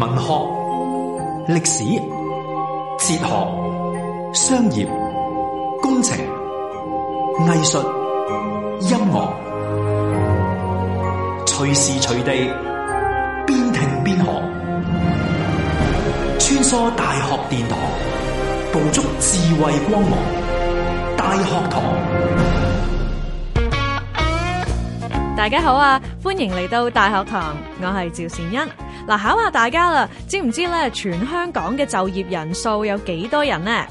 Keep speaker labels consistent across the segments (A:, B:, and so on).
A: 文學、歷史、哲學、商業、工程、藝術、音樂，隨時隨地邊聽邊學，穿梭大學殿堂，捕捉智慧光芒。大學堂，
B: 大家好啊，歡迎嚟到大學堂，我係趙善欣。嗱，考下大家啦，知唔知咧？全香港嘅就業人數有幾多人呢？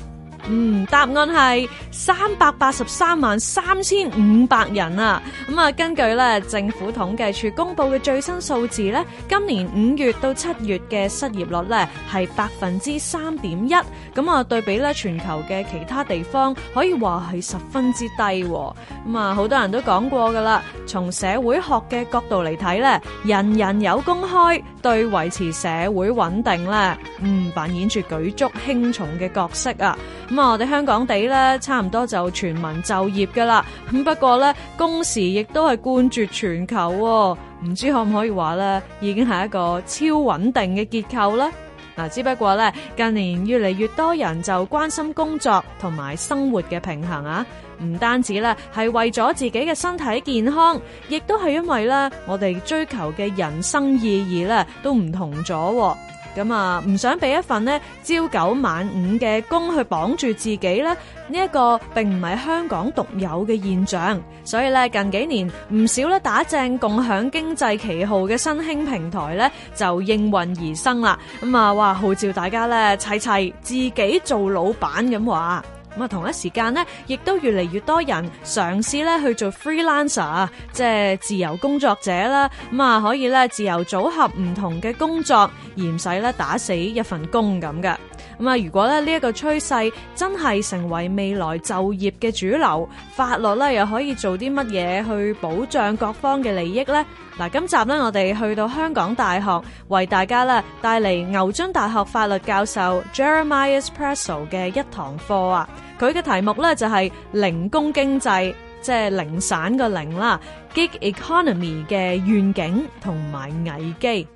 B: 嗯，答案係三百八十三萬三千五百人啊。咁啊，根據咧政府統計處公布嘅最新數字咧，今年五月到七月嘅失業率咧係百分之三點一。咁啊，對比咧全球嘅其他地方，可以話係十分之低。咁啊，好多人都講過噶啦，從社會學嘅角度嚟睇咧，人人有工開。對維持社會穩定咧，嗯，扮演住舉足輕重嘅角色啊！咁啊，我哋香港地咧，差唔多就全民就業噶啦。咁不過咧，工時亦都係冠絕全球，啊，唔知可唔可以話咧，已經係一個超穩定嘅結構咧。嗱，只不過咧，近年越嚟越多人就關心工作同埋生活嘅平衡啊。唔單止咧，係為咗自己嘅身體健康，亦都係因為咧，我哋追求嘅人生意義咧，都唔同咗。咁啊，唔想俾一份呢朝九晚五嘅工去綁住自己咧，呢一個並唔係香港獨有嘅現象。所以咧，近幾年唔少咧打正共享經濟旗號嘅新興平台咧，就應運而生啦。咁啊，話號召大家咧，齊齊自己做老闆咁話。咁啊，同一時間咧亦都越嚟越多人嘗試咧去做 freelancer，即係自由工作者啦。咁啊，可以咧自由組合唔同嘅工作，而唔使咧打死一份工咁嘅。咁啊，如果咧呢一個趨勢真係成為未來就業嘅主流，法律咧又可以做啲乜嘢去保障各方嘅利益呢？嗱，今集咧我哋去到香港大學，為大家啦帶嚟牛津大學法律教授 Jeremias Prassl、so、嘅一堂課啊！佢嘅題目咧就係零工經濟即係零散個零啦，gig economy 嘅願景同埋危機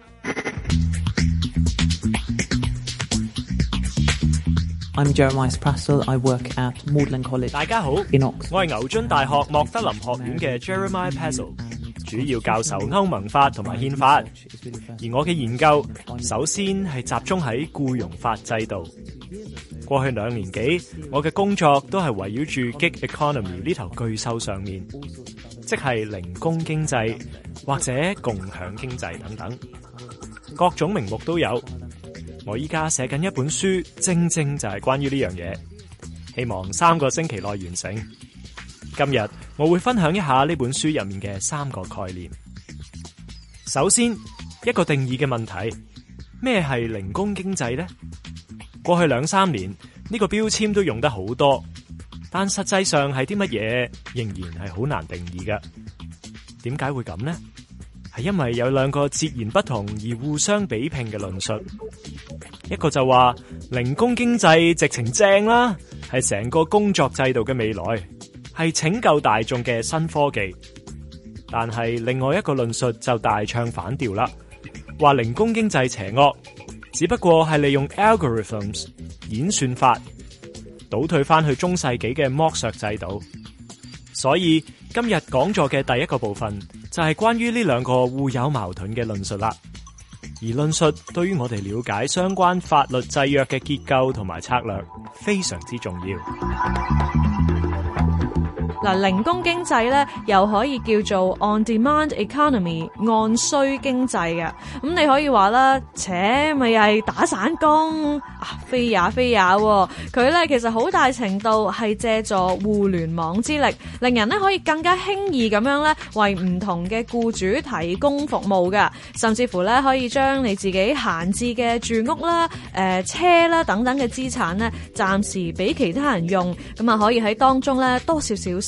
C: I'm Jeremias Prassl, I work at Magdalen College。大
A: 家好，我係牛津大學莫德林學院嘅 Jeremias Prassl 主要教授歐盟法同埋憲法，而我嘅研究首先係集中喺雇傭法制度。過去兩年幾，我嘅工作都係圍繞住 “gig economy” 呢頭巨獸上面，即係零工經濟或者共享經濟等等，各種名目都有。我依家寫緊一本書，正正就係關於呢樣嘢，希望三個星期內完成。今日我會分享一下呢本書入面嘅三個概念。首先，一個定義嘅問題：咩係零工經濟呢？過去兩三年呢個標籤都用得好多，但實際上係啲乜嘢仍然係好難定義嘅。點解會咁呢？係因為有兩個截然不同而互相比拼嘅論述。一個就話零工經濟直情正啦，係成個工作制度嘅未來，係拯救大眾嘅新科技。但係另外一個論述就大唱反調啦，話零工經濟邪惡。只不過係利用 algorithms 演算法，倒退翻去中世紀嘅剝削制度，所以今日講座嘅第一個部分就係關於呢兩個互有矛盾嘅論述啦。而論述對於我哋了解相關法律制約嘅結構同埋策略非常之重要。
B: 嗱，零工經濟咧，又可以叫做 on-demand economy 按需經濟嘅。咁、嗯、你可以話啦，且咪係打散工啊，非也非也。佢咧其實好大程度係借助互聯網之力，令人咧可以更加輕易咁樣咧，為唔同嘅雇主提供服務嘅，甚至乎咧可以將你自己閒置嘅住屋啦、誒、呃、車啦等等嘅資產咧，暫時俾其他人用，咁啊可以喺當中咧多少少。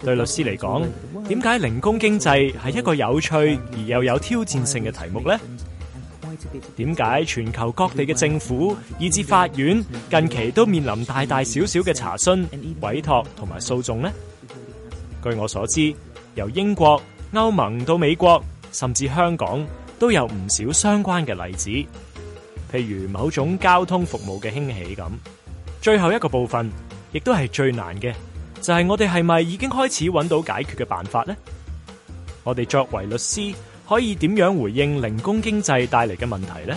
A: 對律師嚟講，點解零工經濟係一個有趣而又有挑戰性嘅題目呢？點解全球各地嘅政府以至法院近期都面臨大大小小嘅查詢、委託同埋訴訟呢？據我所知，由英國、歐盟到美國，甚至香港，都有唔少相關嘅例子，譬如某種交通服務嘅興起咁。最後一個部分亦都係最難嘅。就係我哋係咪已經開始揾到解決嘅辦法呢？我哋作為律師可以點樣回應零工經濟帶嚟嘅問題呢？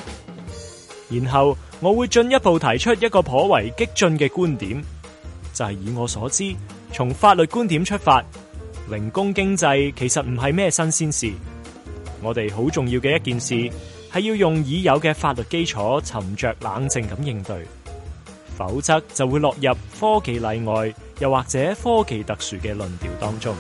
A: 然後我會進一步提出一個頗為激進嘅觀點，就係以我所知，從法律觀點出發，零工經濟其實唔係咩新鮮事。我哋好重要嘅一件事係要用已有嘅法律基礎沉着冷靜咁應對，否則就會落入科技例外，又或者科技特殊嘅論調當中，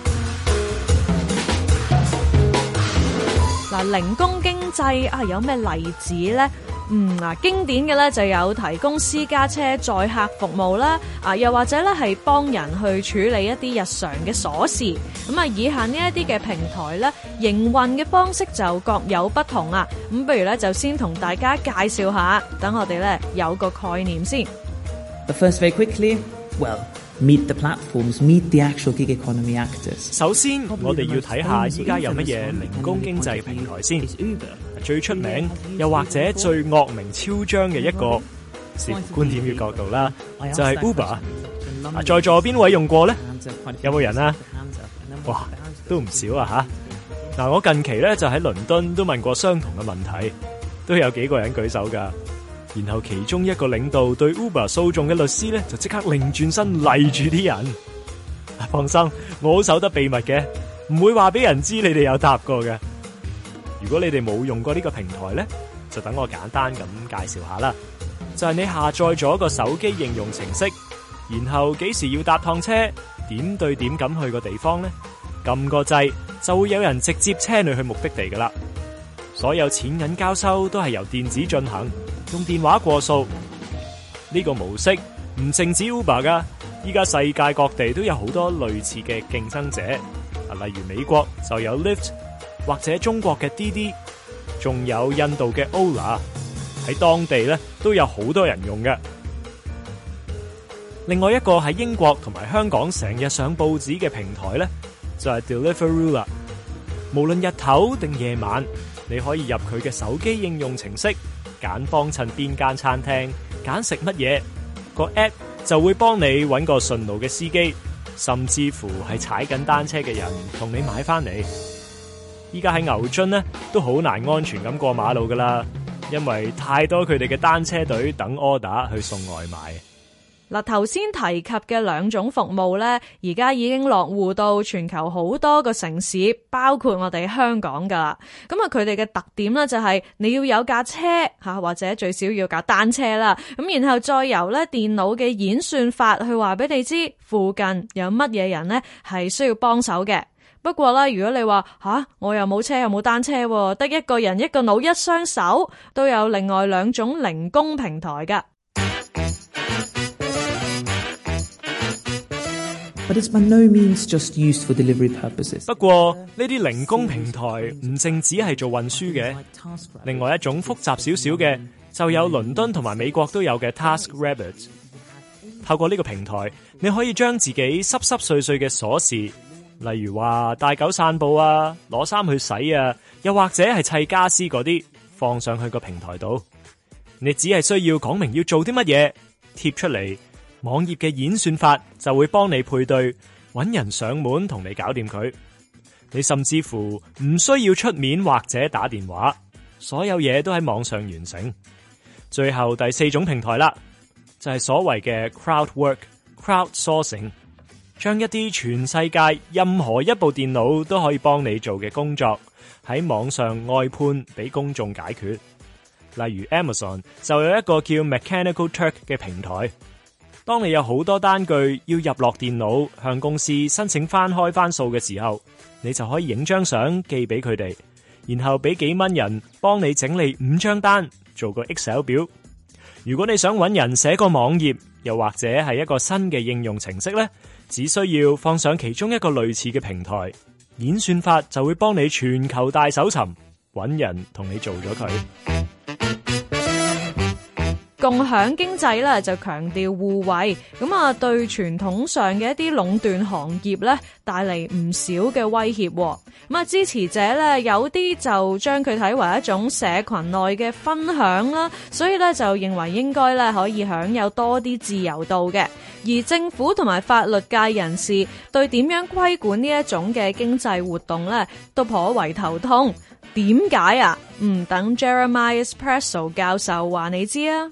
B: 嗱，零工經濟啊，有咩例子呢？嗯，嗱經典嘅咧就有提供私家車載客服務啦，啊又或者咧係幫人去處理一啲日常嘅瑣事，咁啊以下呢一啲嘅平台咧營運嘅方式就各有不同啊。咁，不如咧就先同大家介紹一下，等我哋咧有個概念先。
C: The first very quickly, well. meet the platforms, meet the actual gig economy actors。
B: 首先，我哋要睇
C: 下依家有乜嘢
A: 零工經濟平台先。最出名又或者最惡名昭彰嘅一個，視乎觀點嘅角度啦，就係 Uber。啊，在座邊位用過咧？有冇人啊？哇，都唔少啊嚇！嗱，我近期咧就喺倫敦都問過相同嘅問題，都有幾個人舉手㗎。然後其中一個領導對 Uber 訴訟嘅律師咧，就即刻擰轉身嚟住啲人。放心，我好守得秘密嘅，唔會話俾人知你哋有搭過嘅。如果你哋冇用過呢個平台咧，就等我簡單咁介紹下啦。就係你下載咗個手機應用程式，然後幾時要搭趟車，點對點咁去個地方咧，撳個掣就會有人直接車你去目的地噶啦。所有錢銀交收都係由電子進行。用電話過數呢個模式唔淨止 Uber 噶依家世界各地都有好多類似嘅競爭者，啊，例如美國就有 Lyft，或者中國嘅 DD，仲有印度嘅 Ola，喺當地咧都有好多人用嘅。另外一個喺英國同埋香港成日上報紙嘅平台咧，就係 Deliveroo。無論日頭定夜晚，你可以入佢嘅手機應用程式，揀幫襯邊間餐廳，揀食乜嘢個 app 就會幫你搵個順路嘅司機，甚至乎係踩緊單車嘅人同你買翻嚟。依家喺牛津咧都好難安全咁過馬路噶啦，因為太多佢哋嘅單車隊等 order 去送外賣。
B: 嗱，頭先提及嘅兩種服務咧，而家已經落戶到全球好多個城市，包括我哋香港噶啦。咁啊，佢哋嘅特點咧就係、是、你要有架車吓，或者最少要架單車啦。咁然後再由咧電腦嘅演算法去話俾你知附近有乜嘢人咧係需要幫手嘅。不過咧，如果你話吓、啊，我又冇車又冇單車，得一個人一個腦一雙手，都有另外兩種零工平台噶。
C: But it's by no means just used for delivery purposes.
A: 不過，呢啲零工平台唔淨只係做運輸嘅，另外一種複雜少少嘅，就有倫敦同埋美國都有嘅 Task Rabbit。透過呢個平台，你可以將自己濕濕碎碎嘅瑣事，例如話帶狗散步啊、攞衫去洗啊，又或者係砌傢俬嗰啲，放上去個平台度。你只係需要講明要做啲乜嘢，貼出嚟。網頁嘅演算法就會幫你配對，搵人上門同你搞掂佢。你甚至乎唔需要出面或者打電話，所有嘢都喺網上完成。最後第四種平台啦，就係所謂嘅 crowd work、crowd sourcing，將一啲全世界任何一部電腦都可以幫你做嘅工作喺網上外判俾公眾解決。例如 Amazon 就有一個叫 Mechanical Turk 嘅平台。當你有好多單據要入落電腦，向公司申請翻開翻數嘅時候，你就可以影張相寄俾佢哋，然後俾幾蚊人幫你整理五張單，做個 Excel 表。如果你想揾人寫個網頁，又或者係一個新嘅應用程式呢，只需要放上其中一個類似嘅平台，演算法就會幫你全球大搜尋，揾人同你做咗佢。
B: 共享經濟咧就強調互惠，咁啊對傳統上嘅一啲壟斷行業咧帶嚟唔少嘅威脅。咁啊支持者咧有啲就將佢睇為一種社群內嘅分享啦，所以咧就認為應該咧可以享有多啲自由度嘅。而政府同埋法律界人士對點樣規管呢一種嘅經濟活動咧都頗為頭痛。點解啊？唔等 Jeremias Prassl 教授話你知啊！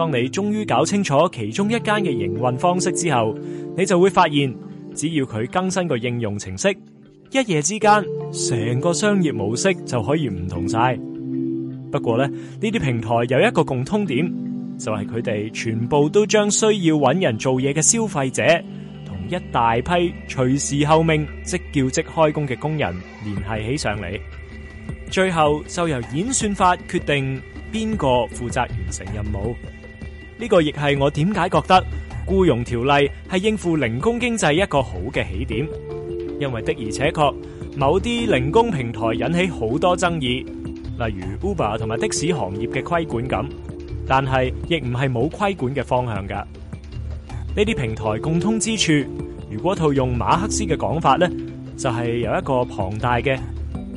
A: 當你終於搞清楚其中一間嘅營運方式之後，你就會發現，只要佢更新個應用程式，一夜之間成個商業模式就可以唔同晒。不過咧，呢啲平台有一個共通點，就係佢哋全部都將需要揾人做嘢嘅消費者，同一大批隨時候命即叫即開工嘅工人聯繫起上嚟，最後就由演算法決定邊個負責完成任務。呢個亦係我點解覺得僱傭條例係應付零工經濟一個好嘅起點，因為的而且確，某啲零工平台引起好多爭議，例如 Uber 同埋的士行業嘅規管咁，但係亦唔係冇規管嘅方向噶。呢啲平台共通之處，如果套用馬克思嘅講法，呢就係有一個龐大嘅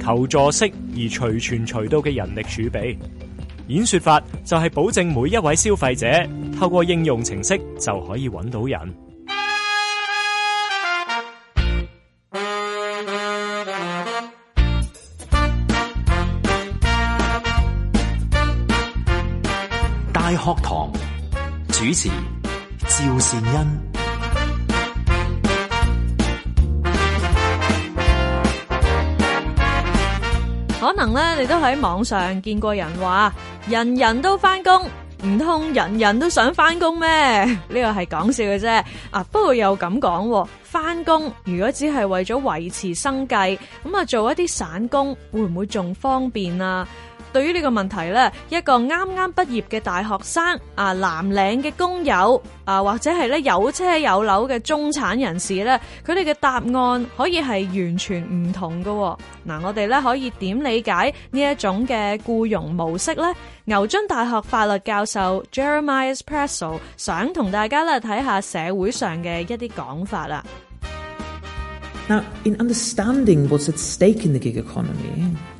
A: 求助式而隨傳隨到嘅人力儲備。演說法就係保證每一位消費者透過應用程式就可以揾到人。大學堂主持趙善恩，
B: 可能咧你都喺網上見過人話。人人都返工，唔通人人都想返工咩？呢個係講笑嘅啫。啊，不過又咁講，返工如果只係為咗維持生計，咁啊做一啲散工會唔會仲方便啊？對於呢個問題呢，一個啱啱畢業嘅大學生啊，藍領嘅工友啊，或者係咧有車有樓嘅中產人士呢，佢哋嘅答案可以係完全唔同嘅。嗱、啊，我哋咧可以點理解呢一種嘅僱傭模式咧？牛津大學法律教授 Jeremias Prassl、so、想同大家咧睇下社會上嘅一啲講法啦。
C: Now, in understanding what's at stake in the gig economy.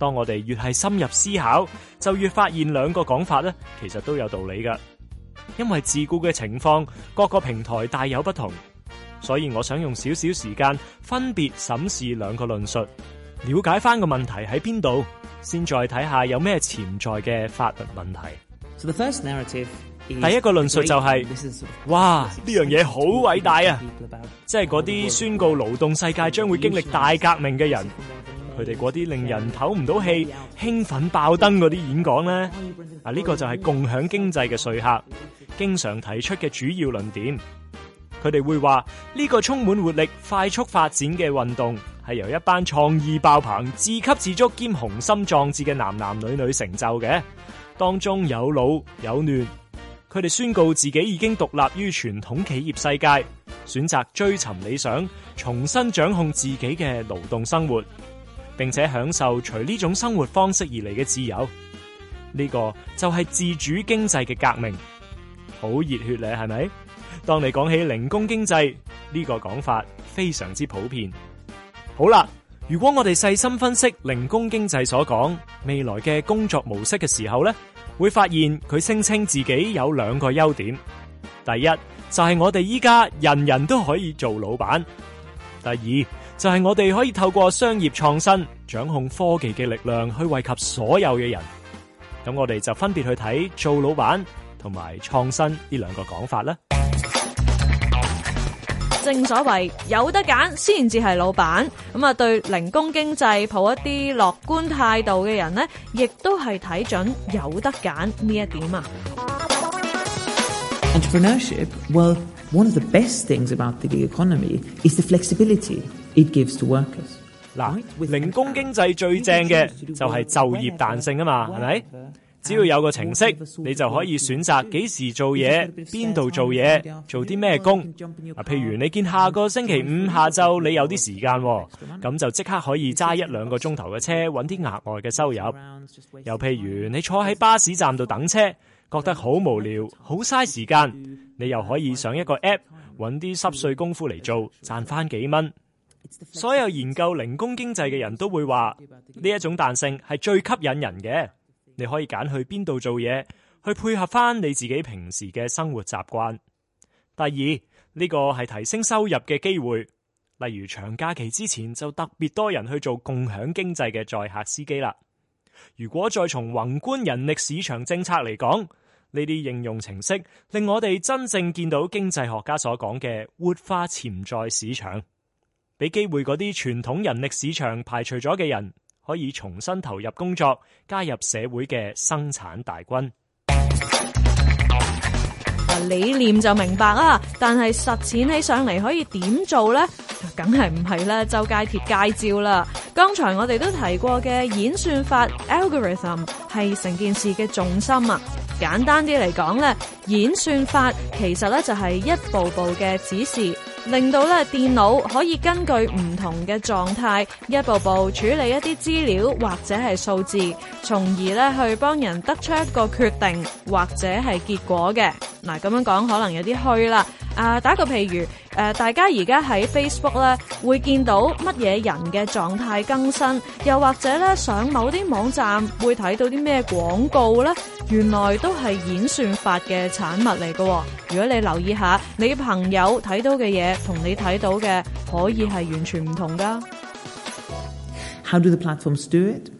A: 當我哋越係深入思考，就越發現兩個講法咧，其實都有道理噶。因為自雇嘅情況各個平台大有不同，所以我想用少少時間分別審視兩個論述，了解翻個問題喺邊度，先再睇下有咩潛在嘅法律問題。So the first narrative is,
C: 第一個論述就係、
A: 是，哇呢樣嘢好偉大啊！大啊，即係嗰啲宣告勞動世界將會經歷大革命嘅人。佢哋嗰啲令人唞唔到氣、興奮爆燈嗰啲演講呢，啊，呢個就係共享經濟嘅說客經常提出嘅主要論點。佢哋會話呢個充滿活力、快速發展嘅運動係由一班創意爆棚、自給自足兼雄心壯志嘅男男女女成就嘅。當中有老有嫩，佢哋宣告自己已經獨立於傳統企業世界，選擇追尋理想，重新掌控自己嘅勞動生活。並且享受隨呢種生活方式而嚟嘅自由，呢個就係自主經濟嘅革命，好熱血咧，係咪？當你講起零工經濟呢個講法，非常之普遍。好啦，如果我哋細心分析零工經濟所講未來嘅工作模式嘅時候呢，會發現佢聲稱自己有兩個優點：第一就係我哋依家人人都可以做老闆；第二，就係我哋可以透過商業創新掌控科技嘅力量，去惠及所有嘅人。咁我哋就分別去睇做老闆同埋創新呢兩個講法啦。
B: 正所謂有得揀先至係老闆。咁啊，對零工經濟抱一啲樂觀態度嘅人呢，亦都係睇準有得揀呢一點啊。
C: Entrepreneurship, well, one of the best things about the economy is the flexibility. it gives to workers
A: 嗱，零工經濟最正嘅就係就業彈性啊嘛，係咪？只要有個程式，你就可以選擇幾時做嘢，邊度做嘢，做啲咩工、啊。譬如你見下個星期五下晝你有啲時間、哦，咁就即刻可以揸一兩個鐘頭嘅車揾啲額外嘅收入。又譬如你坐喺巴士站度等車，覺得好無聊、好嘥時間，你又可以上一個 app 揾啲濕碎功夫嚟做，賺翻幾蚊。所有研究零工經濟嘅人都會話呢一種彈性係最吸引人嘅。你可以揀去邊度做嘢，去配合翻你自己平時嘅生活習慣。第二，呢個係提升收入嘅機會，例如長假期之前就特別多人去做共享經濟嘅載客司機啦。如果再從宏觀人力市場政策嚟講，呢啲應用程式令我哋真正見到經濟學家所講嘅活化潛在市場。俾機會嗰啲傳統人力市場排除咗嘅人，可以重新投入工作，加入社會嘅生產大軍。
B: 理念就明白啦，但係實踐起上嚟可以點做呢？梗係唔係啦，周街貼街招啦。剛才我哋都提過嘅演算法 （algorithm） 係成件事嘅重心啊。簡單啲嚟講咧，演算法其實咧就係一步步嘅指示。令到咧電腦可以根據唔同嘅狀態，一步步處理一啲資料或者係數字，從而咧去幫人得出一個決定或者係結果嘅。嗱，咁樣講可能有啲虛啦。啊，打個譬如。誒，大家而家喺 Facebook 咧，會見到乜嘢人嘅狀態更新，又或者咧上某啲網站會睇到啲咩廣告咧，原來都係演算法嘅產物嚟嘅。如果你留意下，你朋友睇到嘅嘢同你睇到嘅，可以係完全唔同㗎。
C: How do the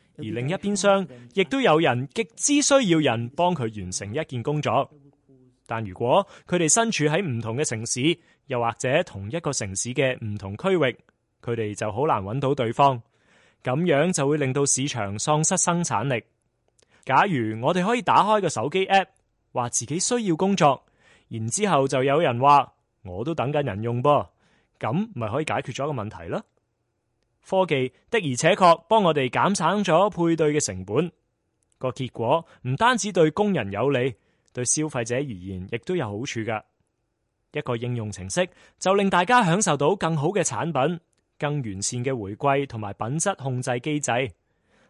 A: 而另一邊廂，亦都有人極之需要人幫佢完成一件工作。但如果佢哋身處喺唔同嘅城市，又或者同一個城市嘅唔同區域，佢哋就好難揾到對方。咁樣就會令到市場喪失生產力。假如我哋可以打開個手機 app，話自己需要工作，然之後就有人話我都等緊人用噃，咁咪可以解決咗個問題囉。科技的而且確幫我哋減省咗配對嘅成本，個結果唔單止對工人有利，對消費者而言亦都有好處噶。一個應用程式就令大家享受到更好嘅產品、更完善嘅回歸同埋品質控制機制。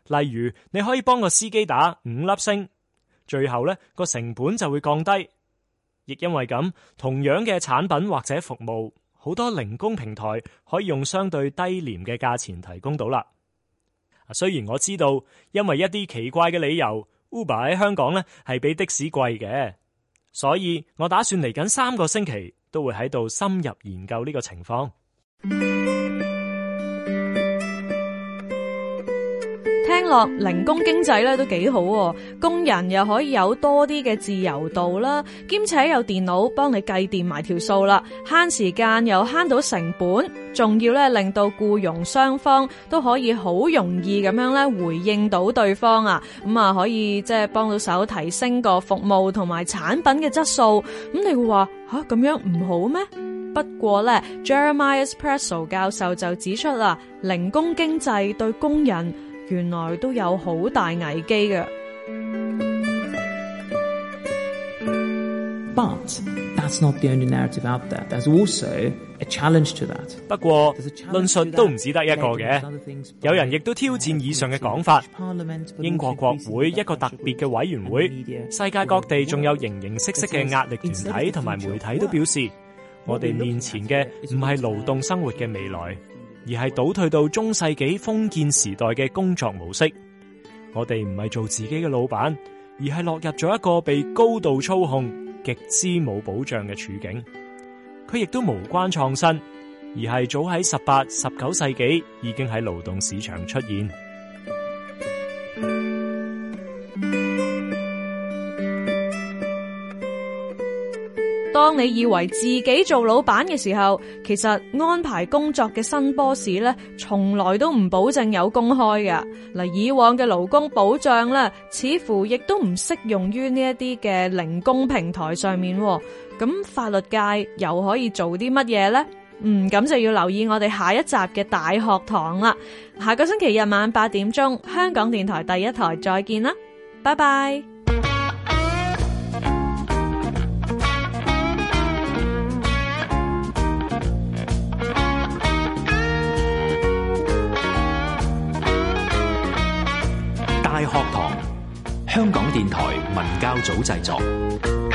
A: 例如，你可以幫個司機打五粒星，最後呢個成本就會降低，亦因為咁同樣嘅產品或者服務。好多零工平台可以用相對低廉嘅價錢提供到啦。雖然我知道因為一啲奇怪嘅理由，Uber 喺香港咧係比的士貴嘅，所以我打算嚟緊三個星期都會喺度深入研究呢個情況。
B: 零工經濟咧都幾好，工人又可以有多啲嘅自由度啦，兼且有電腦幫你計掂埋條數啦，慳時間又慳到成本，仲要咧令到僱傭雙方都可以好容易咁樣咧回應到對方啊。咁啊，可以即係幫到手提升個服務同埋產品嘅質素。咁你會話吓咁樣唔好咩？不過咧，Jeremias Prassl 教授就指出啦，零工經濟對工人。原來都有好大危機嘅，But
C: that's not the only narrative out there. There's also a challenge to that。
A: 不過，論述都唔只得一個嘅。有人亦都挑戰以上嘅講法。英國國會一個特別嘅委員會，世界各地仲有形形色色嘅壓力團體同埋媒體都表示，我哋面前嘅唔係勞動生活嘅未來，而係倒退到中世紀封建時代嘅工作模式，我哋唔係做自己嘅老闆，而係落入咗一個被高度操控、極之冇保障嘅處境。佢亦都無關創新，而係早喺十八、十九世紀已經喺勞動市場出現。
B: 當你以為自己做老闆嘅時候，其實安排工作嘅新 boss 咧，從來都唔保證有工開嘅。嗱，以往嘅勞工保障似乎亦都唔適用於呢一啲嘅零工平台上面。咁法律界又可以做啲乜嘢呢？嗯，咁就要留意我哋下一集嘅大學堂啦。下個星期日晚八點鐘，香港電台第一台，再見啦，拜拜。
A: 電台文教組製作。